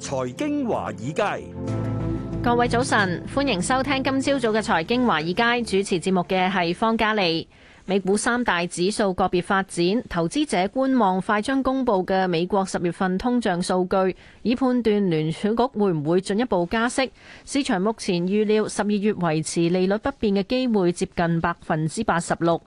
財經華爾街，各位早晨，歡迎收聽今朝早嘅財經華爾街，主持節目嘅係方嘉利。美股三大指數個別發展，投資者觀望快將公布嘅美國十月份通脹數據，以判斷聯儲局會唔會進一步加息。市場目前預料十二月維持利率不變嘅機會接近百分之八十六。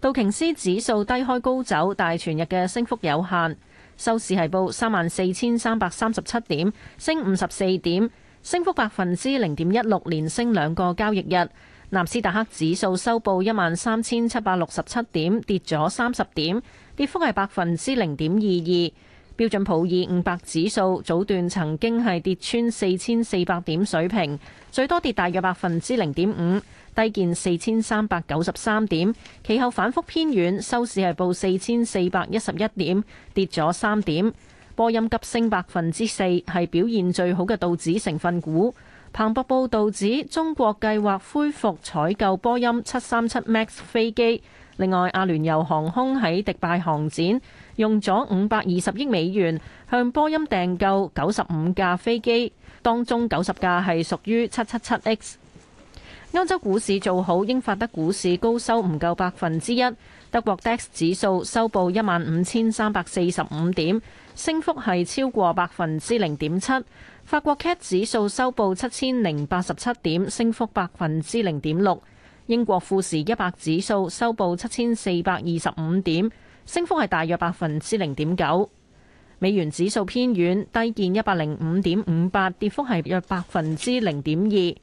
道瓊斯指數低開高走，但全日嘅升幅有限。收市係報三萬四千三百三十七點，升五十四點，升幅百分之零點一六，連升兩個交易日。納斯達克指數收報一萬三千七百六十七點，跌咗三十點，跌幅係百分之零點二二。標準普爾五百指數早段曾經係跌穿四千四百點水平，最多跌大約百分之零點五。低見四千三百九十三點，其後反覆偏軟，收市係報四千四百一十一點，跌咗三點。波音急升百分之四，係表現最好嘅道指成分股。彭博報道指，中國計劃恢復採購波音七三七 MAX 飛機。另外，阿聯酋航空喺迪拜航展用咗五百二十億美元向波音訂購九十五架飛機，當中九十架係屬於七七七 X。歐洲股市做好，英法德股市高收，唔夠百分之一。德國 DAX 指數收報一萬五千三百四十五點，升幅係超過百分之零點七。法國 CAC 指數收報七千零八十七點，升幅百分之零點六。英國富時一百指數收報七千四百二十五點，升幅係大約百分之零點九。美元指數偏軟，低見一百零五點五八，跌幅係約百分之零點二。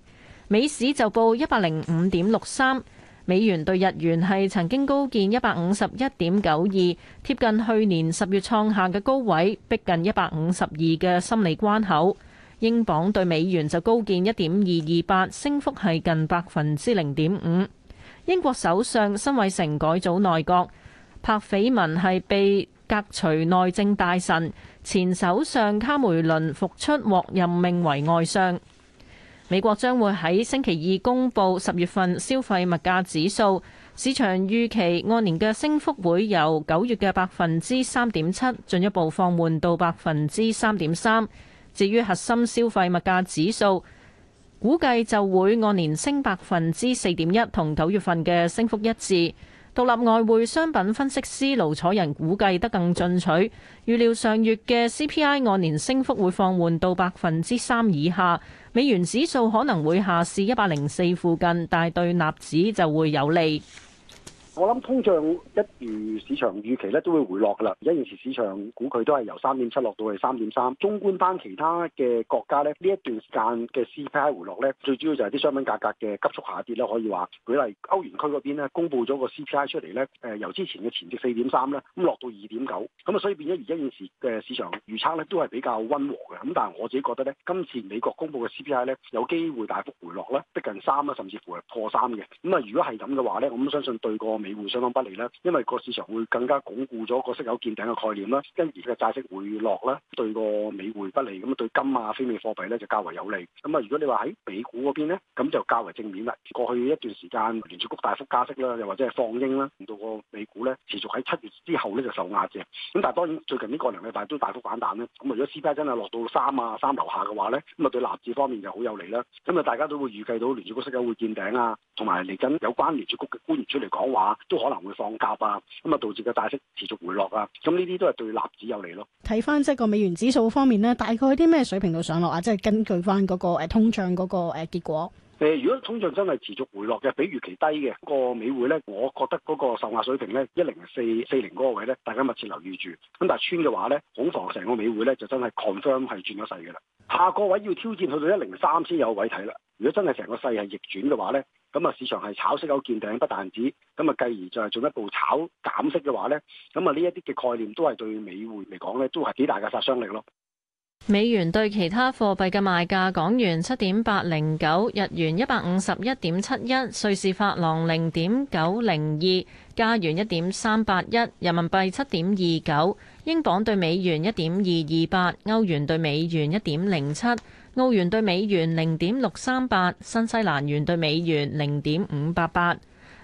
美市就報一百零五點六三，美元對日元係曾經高見一百五十一點九二，貼近去年十月創下嘅高位，逼近一百五十二嘅心理關口。英鎊對美元就高見一點二二八，升幅係近百分之零點五。英國首相辛偉誠改組內閣，柏斐文係被革除內政大臣，前首相卡梅倫復出獲任命為外相。美國將會喺星期二公布十月份消費物價指數，市場預期按年嘅升幅會由九月嘅百分之三點七進一步放緩到百分之三點三。至於核心消費物價指數，估計就會按年升百分之四點一，同九月份嘅升幅一致。獨立外匯商品分析師盧楚仁估計得更進取，預料上月嘅 CPI 按年升幅會放緩到百分之三以下，美元指數可能會下試一百零四附近，但係對納指就會有利。我諗通脹一如市場預期咧，都會回落噶啦。而家現時市場估佢都係由三點七落到去三點三。中觀翻其他嘅國家咧，呢一段時間嘅 CPI 回落咧，最主要就係啲商品價格嘅急速下跌啦。可以話，舉例歐元區嗰邊咧，公布咗個 CPI 出嚟咧，誒、呃、由之前嘅前值四點三咧，咁落到二點九，咁、嗯、啊所以變咗而家現時嘅市場預測咧，都係比較温和嘅。咁、嗯、但係我自己覺得咧，今次美國公布嘅 CPI 咧，有機會大幅回落咧，逼近三啦，甚至乎係破三嘅。咁啊、嗯、如果係咁嘅話咧，我諗相信對個美匯相當不利啦，因為個市場會更加鞏固咗個息口見頂嘅概念啦，跟住而嘅債息回落啦，對個美匯不利，咁啊對金啊非美貨幣咧就較為有利。咁啊如果你話喺美股嗰邊咧，咁就較為正面啦。過去一段時間，聯儲局大幅加息啦，又或者係放鷹啦，令到個美股咧持續喺七月之後咧就受壓嘅。咁但係當然最近呢個禮拜都大幅反彈咧。咁啊如果 CPI 真係落到三啊三樓下嘅話咧，咁啊對納指方面就好有利啦。咁啊大家都會預計到聯儲局息口會見頂啊，同埋嚟緊有關聯儲局嘅官員出嚟講話。都可能會放鴿啊，咁啊導致個債息持續回落啊，咁呢啲都係對納指有利咯。睇翻即係個美元指數方面咧，大概啲咩水平度上落啊？即係根據翻嗰個通脹嗰個誒結果。誒，如果通脹真係持續回落嘅，比預期低嘅個美匯咧，我覺得嗰個受壓水平咧一零四四零嗰個位咧，大家密切留意住。咁但係穿嘅話咧，恐防成個美匯咧就真係 confirm 係轉咗勢嘅啦。下個位要挑戰去到一零三先有位睇啦。如果真係成個勢係逆轉嘅話呢咁啊市場係炒息口見頂不但止，咁啊繼而再係進一步炒減息嘅話呢咁啊呢一啲嘅概念都係對美匯嚟講呢都係幾大嘅殺傷力咯。美元對其他貨幣嘅賣價：港元七點八零九，日元一百五十一點七一，瑞士法郎零點九零二，加元一點三八一，人民幣七點二九，英鎊對美元一點二二八，歐元對美元一點零七。澳元兌美元零點六三八，新西蘭元兌美元零點五八八。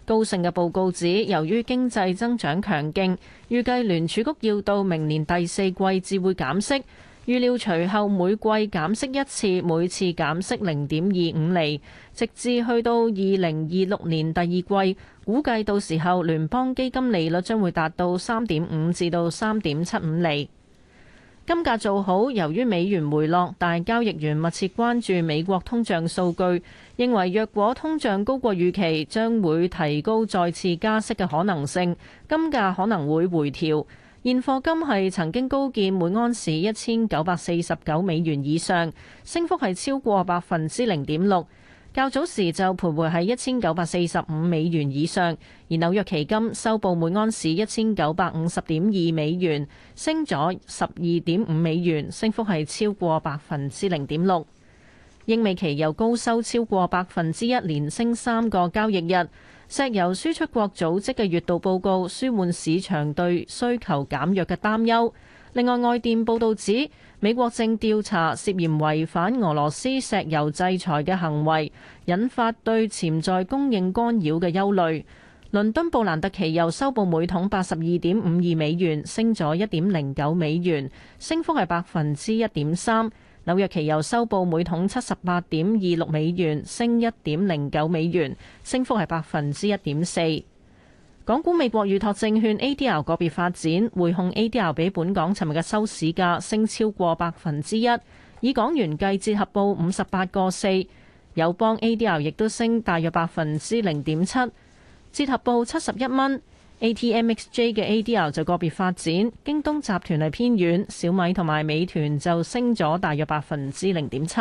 高盛嘅報告指，由於經濟增長強勁，預計聯儲局要到明年第四季至會減息，預料隨後每季減息一次，每次減息零點二五厘，直至去到二零二六年第二季，估計到時候聯邦基金利率將會達到三點五至到三點七五厘。金價做好，由於美元回落，但係交易員密切關注美國通脹數據，認為若果通脹高過預期，將會提高再次加息嘅可能性，金價可能會回調。現貨金係曾經高見每盎司一千九百四十九美元以上，升幅係超過百分之零點六。較早時就徘徊喺一千九百四十五美元以上，而紐約期金收報每安士一千九百五十點二美元，升咗十二點五美元，升幅係超過百分之零點六。英美期油高收超過百分之一，連升三個交易日。石油輸出國組織嘅月度報告舒緩市場對需求減弱嘅擔憂。另外，外電報道指，美國正調查涉嫌違反俄羅斯石油制裁嘅行為，引發對潛在供應干擾嘅憂慮，倫敦布蘭特期油收報每桶八十二點五二美元，升咗一點零九美元，升幅係百分之一點三。紐約期油收報每桶七十八點二六美元，升一點零九美元，升幅係百分之一點四。港股美國預託證券 A.D.R 個別發展，匯控 A.D.R 比本港尋日嘅收市價升超過百分之一，以港元計，折合報五十八個四。友邦 A.D.R 亦都升大約百分之零點七，折合報七十一蚊。A.T.M.X.J 嘅 A.D.R 就個別發展，京東集團係偏軟，小米同埋美團就升咗大約百分之零點七。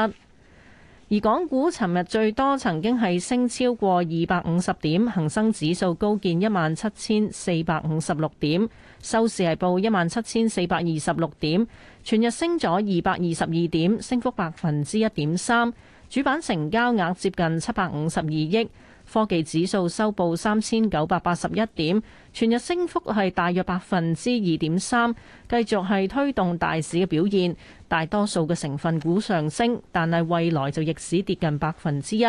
而港股尋日最多曾經係升超過二百五十點，恒生指數高見一萬七千四百五十六點，收市係報一萬七千四百二十六點，全日升咗二百二十二點，升幅百分之一點三，主板成交額接近七百五十二億。科技指數收報三千九百八十一點，全日升幅係大約百分之二點三，繼續係推動大市嘅表現，大多數嘅成分股上升，但係未來就逆市跌近百分之一。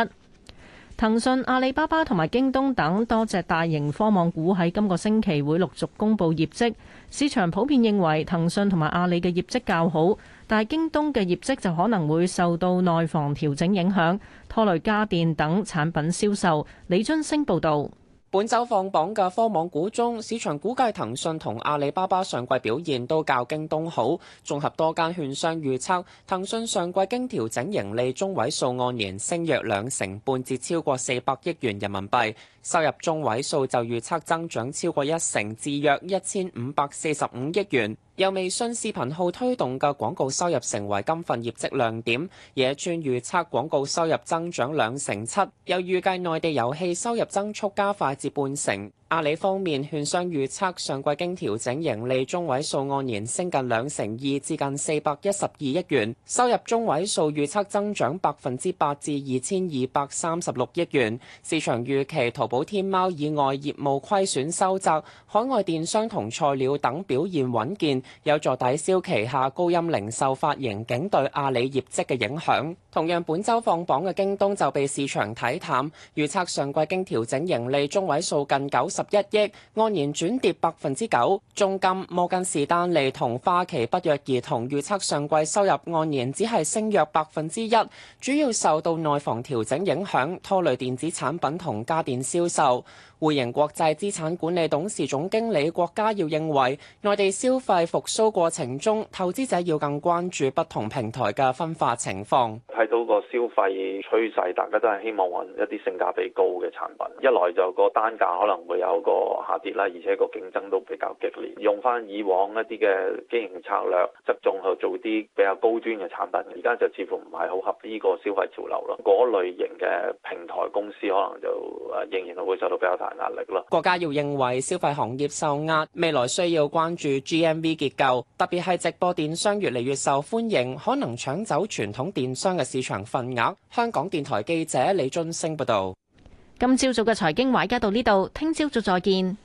騰訊、阿里巴巴同埋京東等多隻大型科網股喺今個星期會陸續公布業績，市場普遍認為騰訊同埋阿里嘅業績較好，但係京東嘅業績就可能會受到內房調整影響，拖累家電等產品銷售。李津星報道。本周放榜嘅科網股中，市場估計騰訊同阿里巴巴上季表現都較京東好。綜合多間券商預測，騰訊上季經調整盈利中位數按年升約兩成半至超過四百億元人民幣，收入中位數就預測增長超過一成至約一千五百四十五億元。由微信視頻號推動嘅廣告收入成為今份業績亮點，野村預測廣告收入增長兩成七，又預計內地遊戲收入增速加快至半成。阿里方面，券商預測上季經調整盈利中位數按年升近兩成二至近四百一十二億元，收入中位數預測增長百分之八至二千二百三十六億元。市場預期淘寶天貓以外業務虧損收窄，海外電商同菜鳥等表現穩健。有助抵消旗下高音零售發盈警對阿里業績嘅影響。同樣，本周放榜嘅京東就被市場睇淡，預測上季經調整盈利中位數近九十一億，按年轉跌百分之九。中金、摩根士丹利同花旗不約而同預測上季收入按年只係升約百分之一，主要受到內房調整影響，拖累電子產品同家電銷售。匯盈國際資產管理董事總經理郭家耀認為，內地消費復甦過程中，投資者要更關注不同平台嘅分化情況。到個消費趨勢，大家都係希望揾一啲性價比高嘅產品。一來就個單價可能會有一個下跌啦，而且個競爭都比較激烈。用返以往一啲嘅經營策略，側重去做啲比較高端嘅產品。而家就似乎唔係好合呢個消費潮流咯。嗰類型嘅平台公司可能就仍然係會受到比較大壓力咯。國家要認為消費行業受壓，未來需要關注 GMV 結構，特別係直播電商越嚟越受歡迎，可能搶走傳統電商嘅市場份額。香港電台記者李津升報道：「今朝早嘅財經華爾街到呢度，聽朝早再見。